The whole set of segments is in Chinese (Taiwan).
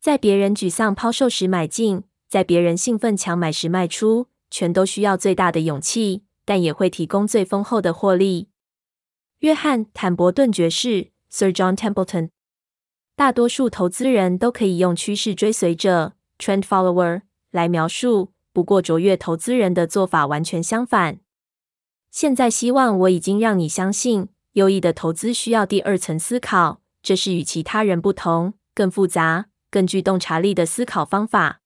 在別人沮喪拋售時買進，在別人興奮搶買時賣出，全都需要最大的勇氣，但也會提供最豐厚的獲利。約翰·坦伯頓爵士 （Sir John Templeton），大多數投資人都可以用趨勢追隨者 （Trend Follower） 來描述，不過卓越投資人的做法完全相反。現在，希望我已經讓你相信，優異的投資需要第二層思考，這是與其他人不同，更複雜，更具洞察力的思考方法。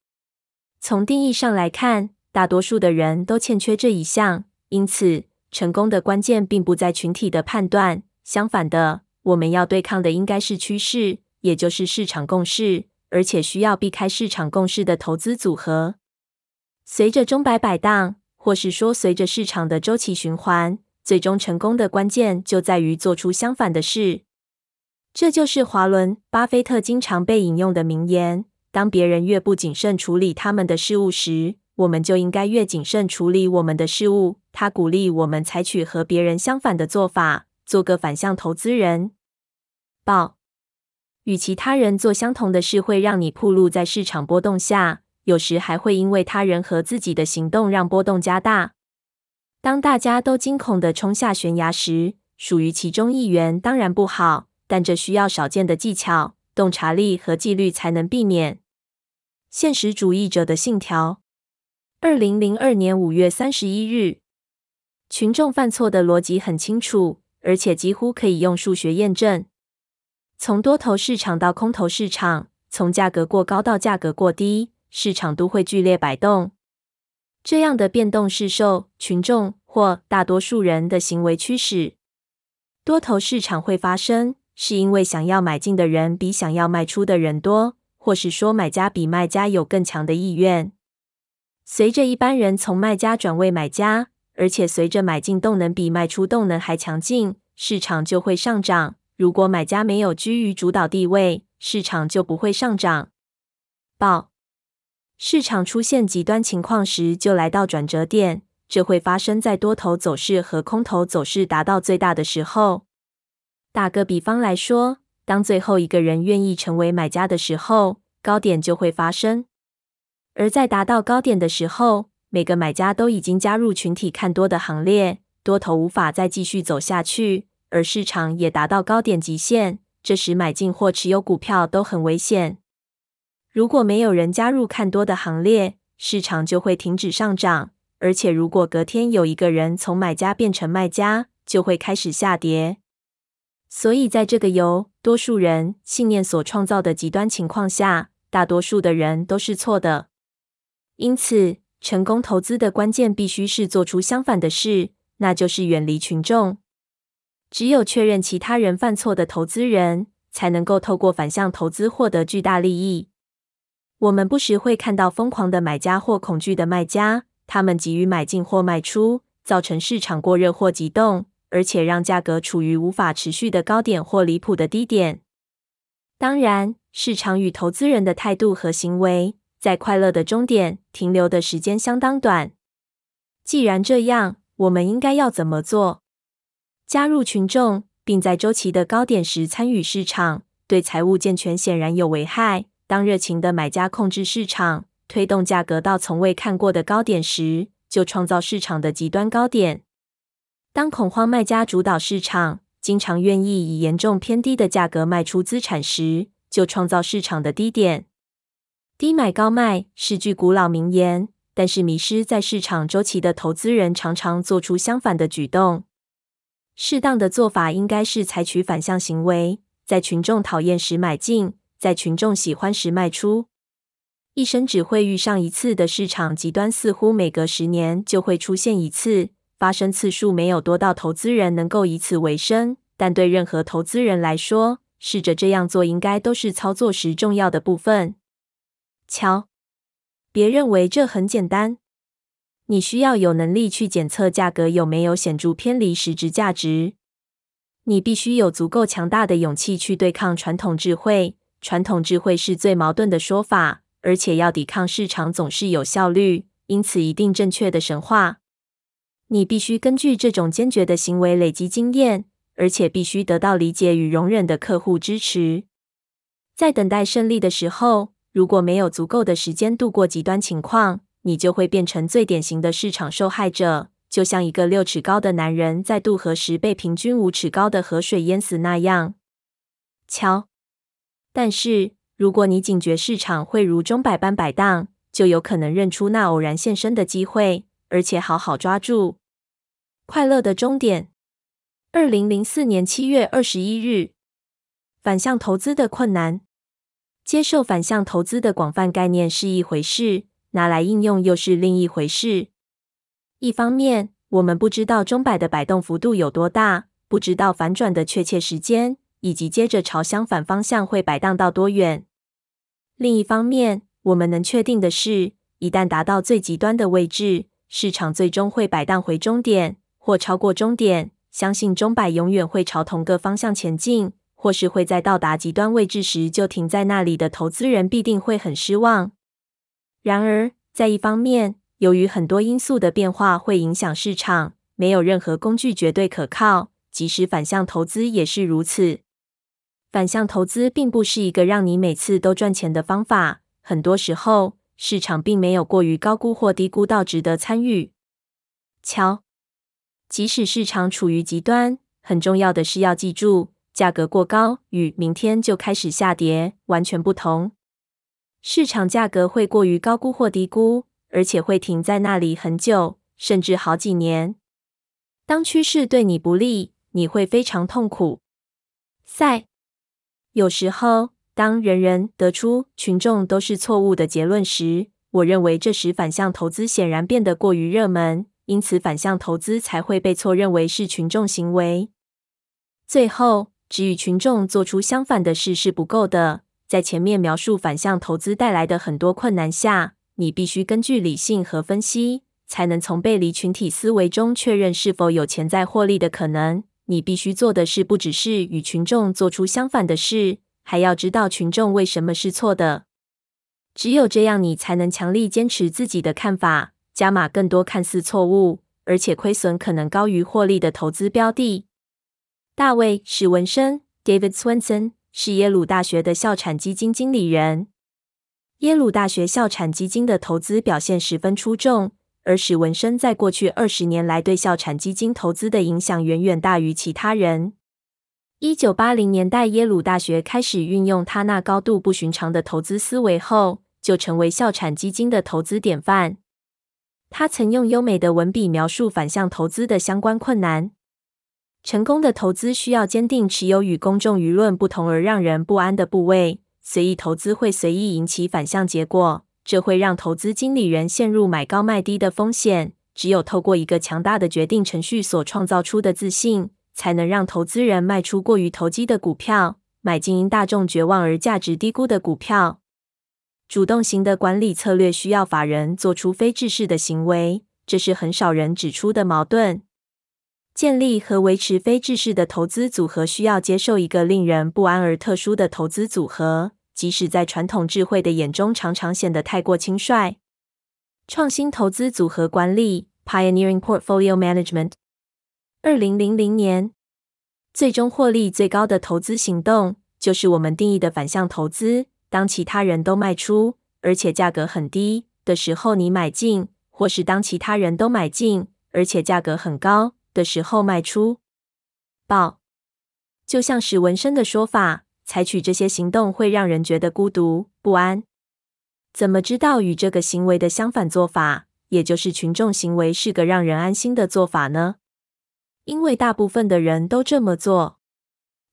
從定義上來看，大多數的人都欠缺這一項，因此成功的關鍵並不在群體的判斷。相反的，我們要對抗的應該是趨勢，也就是市場共識，而且需要避開市場共識的投資組合。隨着鐘擺擺盪，或是說隨着市場的週期循環，最終成功的關鍵就在於做出相反的事。這就是華倫巴菲特經常被引用的名言：“當別人越不謹慎處理他們的事務時，我們就應該越謹慎處理我們的事務。”他鼓勵我們採取和別人相反的做法，做個反向投資人。報。與其他人做相同的事，會讓你暴露在市場波動下，有時還會因為他人和自己的行動讓波動加大。當大家都驚恐地衝下懸崖時，屬於其中一員當然不好。但這需要少見的技巧、洞察力和紀律才能避免。現實主義者的信條。二零零二年五月三十一日，群眾犯錯的邏輯很清楚，而且幾乎可以用數學驗證。從多頭市場到空頭市場，從價格過高到價格過低，市場都會劇烈擺動。這樣的變動是受群眾或大多數人的行為驅使。多頭市場會發生是因為想要買進的人比想要賣出的人多，或是說買家比賣家有更強的意願。隨着一般人從賣家轉為買家，而且隨着買進動能比賣出動能還強勁，市場就會上漲。如果買家沒有居於主導地位，市場就不會上漲。報，市場出現極端情況時，就來到轉折點，這會發生在多頭走勢和空頭走勢達到最大的時候。打個比方來說，當最後一個人願意成為買家的時候，高點就會發生。而在達到高點的時候，每個買家都已經加入群體看多的行列，多頭無法再繼續走下去，而市場也達到高點極限，這時買進或持有股票都很危險。如果沒有人加入看多的行列，市場就會停止上漲，而且如果隔天有一個人從買家變成賣家，就會開始下跌。所以，在這個由多數人信念所創造的極端情況下，大多數的人都是錯的。因此，成功投資的關鍵必須是做出相反的事，那就是遠離群眾。只有確認其他人犯錯的投資人，才能夠透過反向投資獲得巨大利益。我們不時會看到瘋狂的買家或恐懼的賣家，他們急於買進或賣出，造成市場過熱或急凍。而且讓價格處於無法持續的高點或離譜的低點。當然，市場與投資人的態度和行為在快樂的終點停留的時間相當短。既然這樣，我們應該要怎麼做？加入群眾，並在周期的高點時參與市場，對財務健全顯然有危害。當熱情的買家控制市場，推動價格到從未看過的高點時，就創造市場的極端高點。當恐慌賣家主導市場，經常願意以嚴重偏低的價格賣出資產時，就創造市場的低點。低買高賣是句古老名言，但是迷失在市場周期的投資人常常做出相反的舉動。適當的做法應該是採取反向行為，在群眾討厭時買進，在群眾喜歡時賣出。一生只會遇上一次的市場極端，似乎每隔十年就會出現一次。發生次數沒有多到投資人能夠以此為生，但對任何投資人來說，試着這樣做應該都是操作時重要的部分。瞧，別認為這很簡單。你需要有能力去檢測價格有沒有顯著偏離實質價值。你必須有足夠強大的勇氣去對抗傳統智慧，傳統智慧是最矛盾的說法，而且要抵抗市場總是有效率，因此一定正確的神話。你必須根據這種堅決的行為累積經驗，而且必須得到理解與容忍的客戶支持。在等待勝利的時候，如果沒有足夠的時間度過極端情況，你就會變成最典型的市場受害者，就像一個六尺高的男人在渡河時被平均五尺高的河水淹死那樣。瞧，但是如果你警覺市場會如鐘擺般擺盪，就有可能認出那偶然現身的機會。而且好好抓住快樂的終點。二零零四年七月二十一日，反向投資的困難。接受反向投資的廣泛概念是一回事，拿來應用又是另一回事。一方面，我們不知道鐘擺的擺動幅度有多大，不知道反轉的確切時間，以及接着朝相反方向會擺盪到多遠。另一方面，我們能確定的是，一旦達到最極端的位置。市場最終會擺盪回終點，或超過終點。相信鐘擺永遠會朝同個方向前進，或是會在到達極端位置時就停在那裡的投資人必定會很失望。然而，在一方面，由於很多因素的變化會影響市場，沒有任何工具絕對可靠，即使反向投資也是如此。反向投資並不是一個讓你每次都賺錢的方法，很多時候。市場並沒有過於高估或低估到值得參與。瞧，即使市場處於極端，很重要的是要記住，價格過高與明天就開始下跌完全不同。市場價格會過於高估或低估，而且會停在那裡很久，甚至好幾年。當趨勢對你不利，你會非常痛苦。賽，有時候。當人人得出群眾都是錯誤的結論時，我認為這時反向投資顯然變得過於熱門，因此反向投資才會被錯認為是群眾行為。最後，只與群眾做出相反的事是不夠的。在前面描述反向投資帶來的很多困難下，你必須根據理性和分析，才能從背離群體思維中確認是否有潛在獲利的可能。你必須做的事不只是與群眾做出相反的事。還要知道群眾為什麼是錯的，只有這樣你才能強力堅持自己的看法，加碼更多看似錯誤，而且虧損可能高於獲利的投資標的。大衛·史文生 d a v i d s w e n s o n 是耶魯大學的校產基金經理人，耶魯大學校產基金的投資表現十分出眾，而史文生在過去二十年來對校產基金投資的影響遠遠大於其他人。一九八零年代，耶魯大學開始運用他那高度不尋常的投資思維後，就成為校產基金的投資典範。他曾用優美的文筆描述反向投資的相關困難。成功的投資需要堅定持有與公眾輿論不同而讓人不安的部位。隨意投資會隨意引起反向結果，這會讓投資經理人陷入買高賣低的風險。只有透過一個強大的決定程序所創造出的自信。才能讓投資人賣出過於投機的股票，買進因大眾絕望而價值低估的股票。主動型的管理策略需要法人做出非制式的行為，這是很少人指出的矛盾。建立和維持非制式的投資組合，需要接受一個令人不安而特殊的投資組合，即使在傳統智慧的眼中，常常顯得太過輕率。創新投資組合管理 （Pioneering Portfolio Management）。二零零零年，最終獲利最高的投資行動，就是我們定義的反向投資。當其他人都賣出，而且價格很低的時候，你買進；或是當其他人都買進，而且價格很高的時候賣出。報，就像史文生的說法，採取這些行動會讓人覺得孤獨不安。怎麼知道與這個行為的相反做法，也就是群眾行為，是個讓人安心的做法呢？因為大部分的人都這麼做，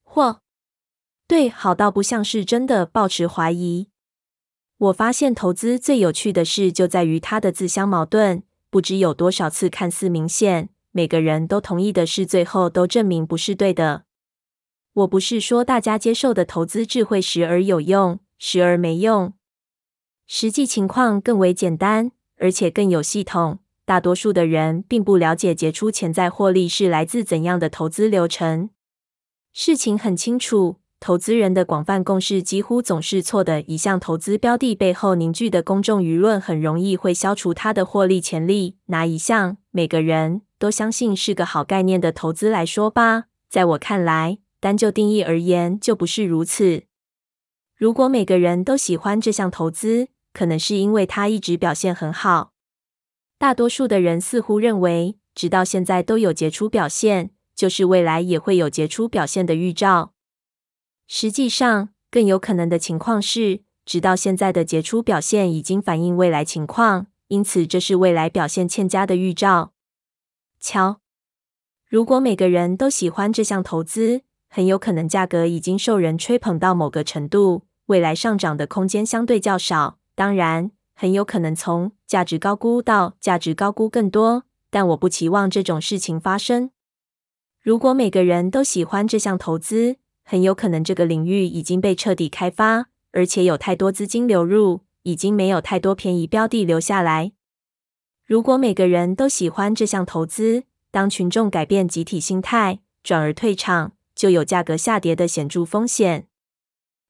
或，對，好到不像是真的，抱持懷疑。我發現投資最有趣的事就在於它的自相矛盾。不知有多少次看似明顯，每個人都同意的事，最後都證明不是對的。我不是說大家接受的投資智慧時而有用，時而沒用，實際情況更為簡單，而且更有系統。大多數的人並不了解傑出潛在獲利是來自怎樣的投資流程。事情很清楚，投資人的廣泛共識幾乎總是錯的。一項投資標的背後凝聚的公眾輿論很容易會消除他的獲利潛力。拿一項每個人都相信是個好概念的投資來說吧，在我看來，單就定義而言就不是如此。如果每個人都喜歡這項投資，可能是因為它一直表現很好。大多數的人似乎認為，直到現在都有傑出表現，就是未來也會有傑出表現的預兆。實際上，更有可能的情況是，直到現在的傑出表現已經反映未來情況，因此這是未來表現欠佳的預兆。瞧，如果每個人都喜歡這項投資，很有可能價格已經受人吹捧到某個程度，未來上漲的空間相對較少。當然。很有可能從價值高估到價值高估更多，但我不期望這種事情發生。如果每個人都喜歡這項投資，很有可能這個領域已經被徹底開發，而且有太多資金流入，已經沒有太多便宜標的留下來。如果每個人都喜歡這項投資，當群眾改變集體心態，轉而退場，就有價格下跌的顯著風險。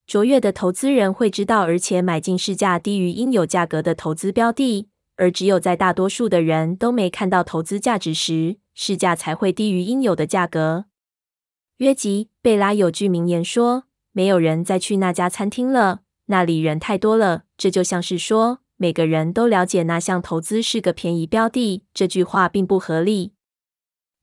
卓越的投資人會知道，而且買進市價低於應有價格的投資標的，而只有在大多數的人都沒看到投資價值時，市價才會低於應有的價格。約吉·貝拉有句名言說：“沒有人再去那家餐廳了，那裡人太多了。”這就像是說，每個人都了解那項投資是個便宜標的。這句話並不合理。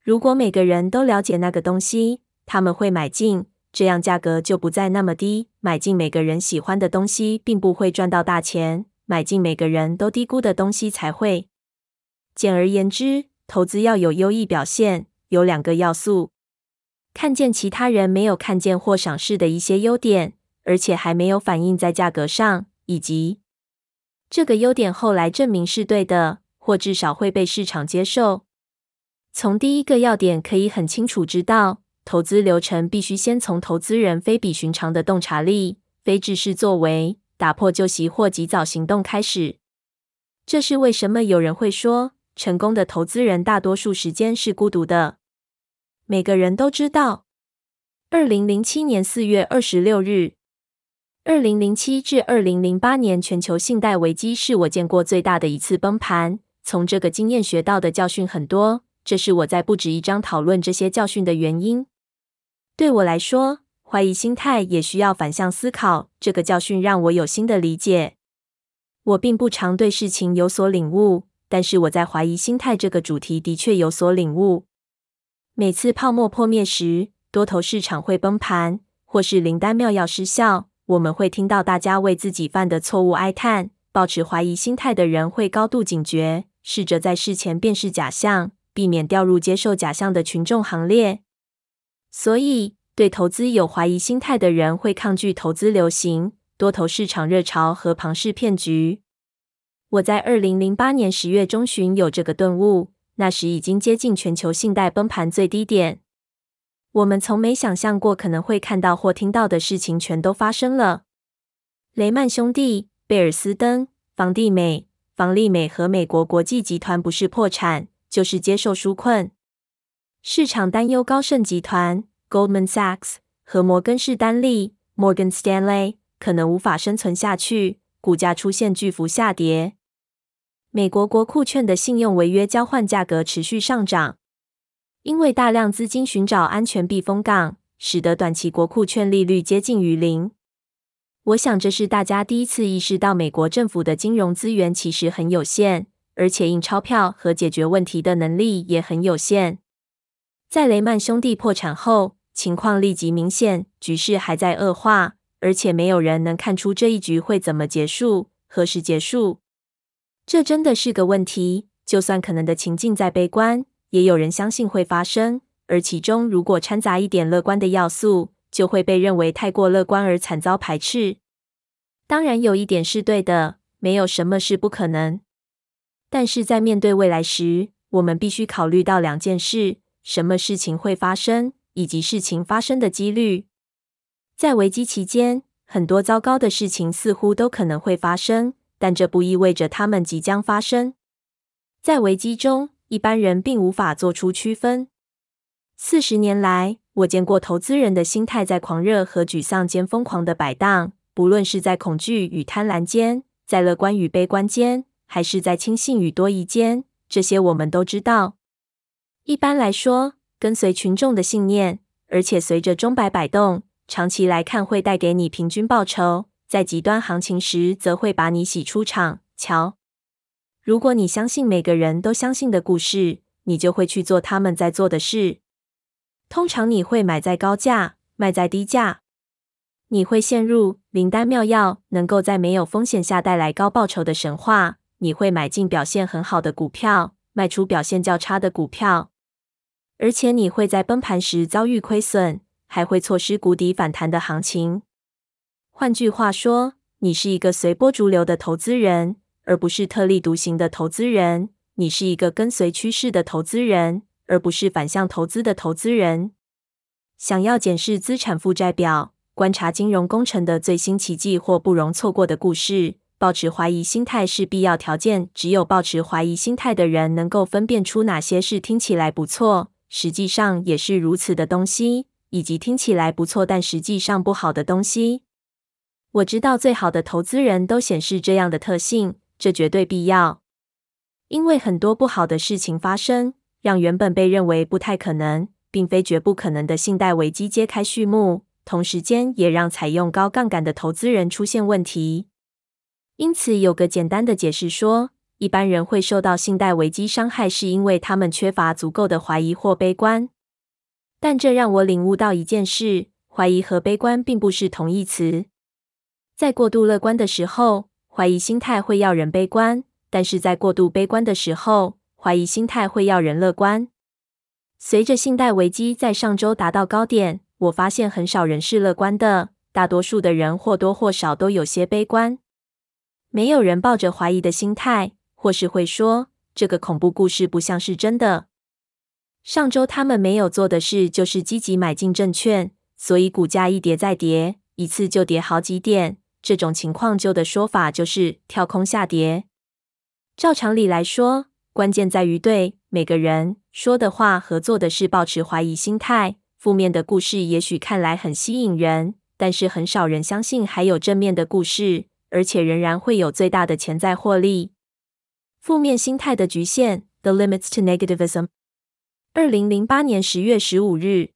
如果每個人都了解那個東西，他們會買進。這樣價格就不再那麼低，買進每個人喜歡的東西，並不會賺到大錢；買進每個人都低估的東西，才會。簡而言之，投資要有優異表現，有兩個要素：看見其他人沒有看見或賞識的一些優點，而且還沒有反映在價格上，以及這個優點後來證明是對的，或至少會被市場接受。從第一個要點可以很清楚知道。投資流程必須先從投資人非比尋常的洞察力、非制式作為、打破舊習或及早行動開始。這是為什麼有人會說，成功的投資人大多數時間是孤獨的。每個人都知道，二零零七年四月二十六日，二零零七至二零零八年全球信貸危機是我見過最大的一次崩盤。從這個經驗學到的教訓很多，這是我在不止一章討論這些教訓的原因。對我來說，懷疑心態也需要反向思考。這個教訓讓我有新的理解。我並不常對事情有所領悟，但是我在懷疑心態這個主題的確有所領悟。每次泡沫破滅時，多頭市場會崩盤，或是靈丹妙藥失效，我們會聽到大家為自己犯的錯誤哀嘆。抱持懷疑心態的人會高度警覺，試着在事前辨識假象，避免掉入接受假象的群眾行列。所以，對投資有懷疑心態的人會抗拒投資流行、多頭市場熱潮和龐氏騙局。我在二零零八年十月中旬有這個頓悟，那時已經接近全球信貸崩盤最低點。我們從沒想象過可能會看到或聽到的事情，全都發生了。雷曼兄弟、貝爾斯登、房地美、房利美和美國國際集團不是破產，就是接受紓困。市場擔憂高盛集團。Goldman Sachs 和摩根士丹利 （Morgan Stanley） 可能無法生存下去，股價出現巨幅下跌。美國國庫券的信用違約交換價格持續上漲，因為大量資金尋找安全避風港，使得短期國庫券利率接近於零。我想這是大家第一次意識到，美國政府的金融資源其實很有限，而且印鈔票和解決問題的能力也很有限。在雷曼兄弟破產後，情況立即明顯，局勢還在惡化，而且沒有人能看出這一局會怎麼結束，何時結束？這真的是個問題。就算可能的情境再悲觀，也有人相信會發生。而其中如果摻雜一點樂觀的要素，就會被認為太過樂觀而慘遭排斥。當然，有一點是對的，沒有什麼是不可能。但是在面對未來時，我們必須考慮到兩件事：什麼事情會發生？以及事情發生的幾率，在危機期間，很多糟糕的事情似乎都可能會發生，但這不意味着它們即將發生。在危機中，一般人並無法做出區分。四十年來，我見過投資人的心態在狂熱和沮喪間瘋狂的擺盪，不論是在恐懼與貪婪間，在樂觀與悲觀間，還是在輕信與多疑間，這些我們都知道。一般來說，跟隨群眾的信念，而且隨着鐘擺擺動，長期來看會帶給你平均報酬；在極端行情時，則會把你洗出場。瞧，如果你相信每個人都相信的故事，你就會去做他們在做的事。通常你會買在高價，賣在低價。你會陷入靈丹妙藥能夠在沒有風險下帶來高報酬的神話。你會買進表現很好的股票，賣出表現較差的股票。而且你會在崩盤時遭遇虧損，還會錯失谷底反彈的行情。換句話說，你是一個隨波逐流的投資人，而不是特立獨行的投資人；你是一個跟隨趨勢的投資人，而不是反向投資的投資人。想要檢視資產負債表，觀察金融工程的最新奇蹟或不容錯過的故事，保持懷疑心態是必要條件。只有保持懷疑心態的人，能夠分辨出哪些事聽起來不錯，實際上也是如此的東西，以及聽起來不錯但實際上不好的東西。我知道最好的投資人都顯示這樣的特性，這絕對必要。因為很多不好的事情發生，讓原本被認為不太可能，並非絕不可能的信貸危機揭開序幕，同時間也讓採用高槓桿的投資人出現問題。因此有個簡單的解釋說。一般人會受到信貸危機傷害，是因為他們缺乏足夠的懷疑或悲觀。但這讓我領悟到一件事：懷疑和悲觀並不是同義詞。在過度樂觀的時候，懷疑心態會要人悲觀；但是在過度悲觀的時候，懷疑心態會要人樂觀。隨着信貸危機在上周達到高點，我發現很少人是樂觀的，大多數的人或多或少都有些悲觀。沒有人抱着懷疑的心態。或是會說這個恐怖故事不像是真的。上周他們沒有做的事就是積極買進證券，所以股價一跌再跌，一次就跌好幾點。這種情況，舊的說法就是跳空下跌。照常理來說，關鍵在於對每個人說的話、和做的事抱持懷疑心態。負面的故事也許看來很吸引人，但是很少人相信還有正面的故事，而且仍然會有最大的潛在獲利。負面心態的局限。The limits to negativism。二零零八年十月十五日，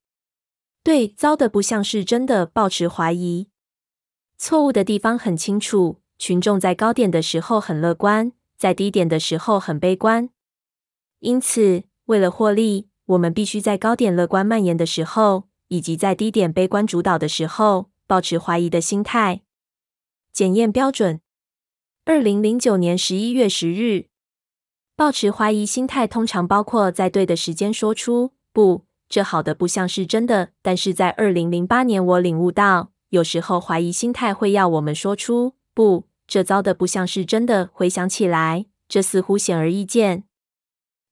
對，糟的不像是真的，抱持懷疑。錯誤的地方很清楚。群眾在高點的時候很樂觀，在低點的時候很悲觀。因此，為了獲利，我們必須在高點樂觀蔓延的時候，以及在低點悲觀主導的時候，保持懷疑的心態。檢驗標準。二零零九年十一月十日。抱持懷疑心態，通常包括在對的時間說出“不，這好的不像是真的”。但是在二零零八年，我領悟到，有時候懷疑心態會要我們說出“不，這糟的不像是真的”。回想起來，這似乎顯而易見。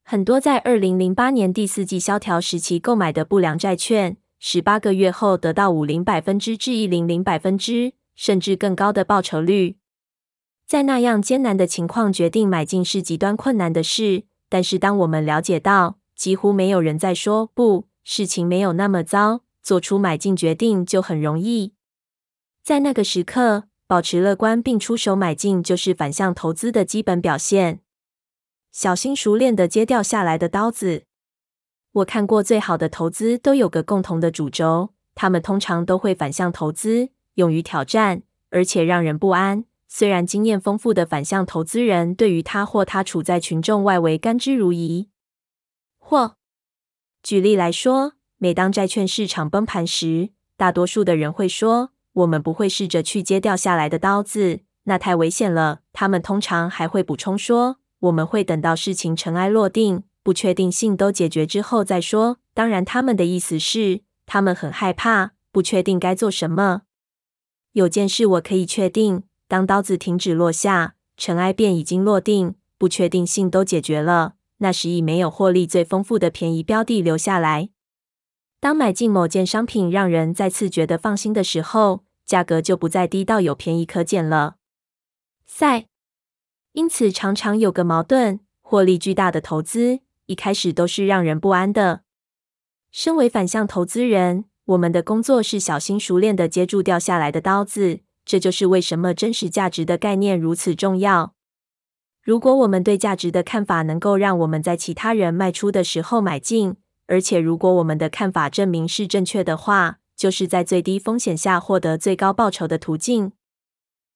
很多在二零零八年第四季蕭條時期購買的不良債券，十八個月後得到百分之五十至百分之一百甚至更高的報酬率。在那樣艱難的情況決定買進是極端困難的事，但是當我們了解到幾乎沒有人在說不，事情沒有那麼糟，做出買進決定就很容易。在那個時刻保持樂觀並出手買進，就是反向投資的基本表現。小心熟練地接掉下來的刀子。我看過最好的投資都有個共同的主軸，他們通常都會反向投資，勇於挑戰，而且讓人不安。雖然經驗豐富的反向投資人對於他或她處在群眾外圍甘之如飴，或舉例來說，每當債券市場崩盤時，大多數的人會說：“我們不會試着去接掉下來的刀子，那太危險了。”他們通常還會補充說：“我們會等到事情塵埃落定，不確定性都解決之後再說。”當然，他們的意思是他們很害怕，不確定該做什麼。有件事我可以確定。當刀子停止落下，塵埃便已經落定，不確定性都解決了。那時已沒有獲利最豐富的便宜標的留下來。當買進某件商品讓人再次覺得放心的時候，價格就不再低到有便宜可撿了。塞。因此，常常有個矛盾：獲利巨大的投資一開始都是讓人不安的。身為反向投資人，我們的工作是小心熟練地接住掉下來的刀子。這就是為什麼真實價值的概念如此重要。如果我們對價值的看法能夠讓我們在其他人賣出的時候買進，而且如果我們的看法證明是正確的話，就是在最低風險下獲得最高報酬的途徑。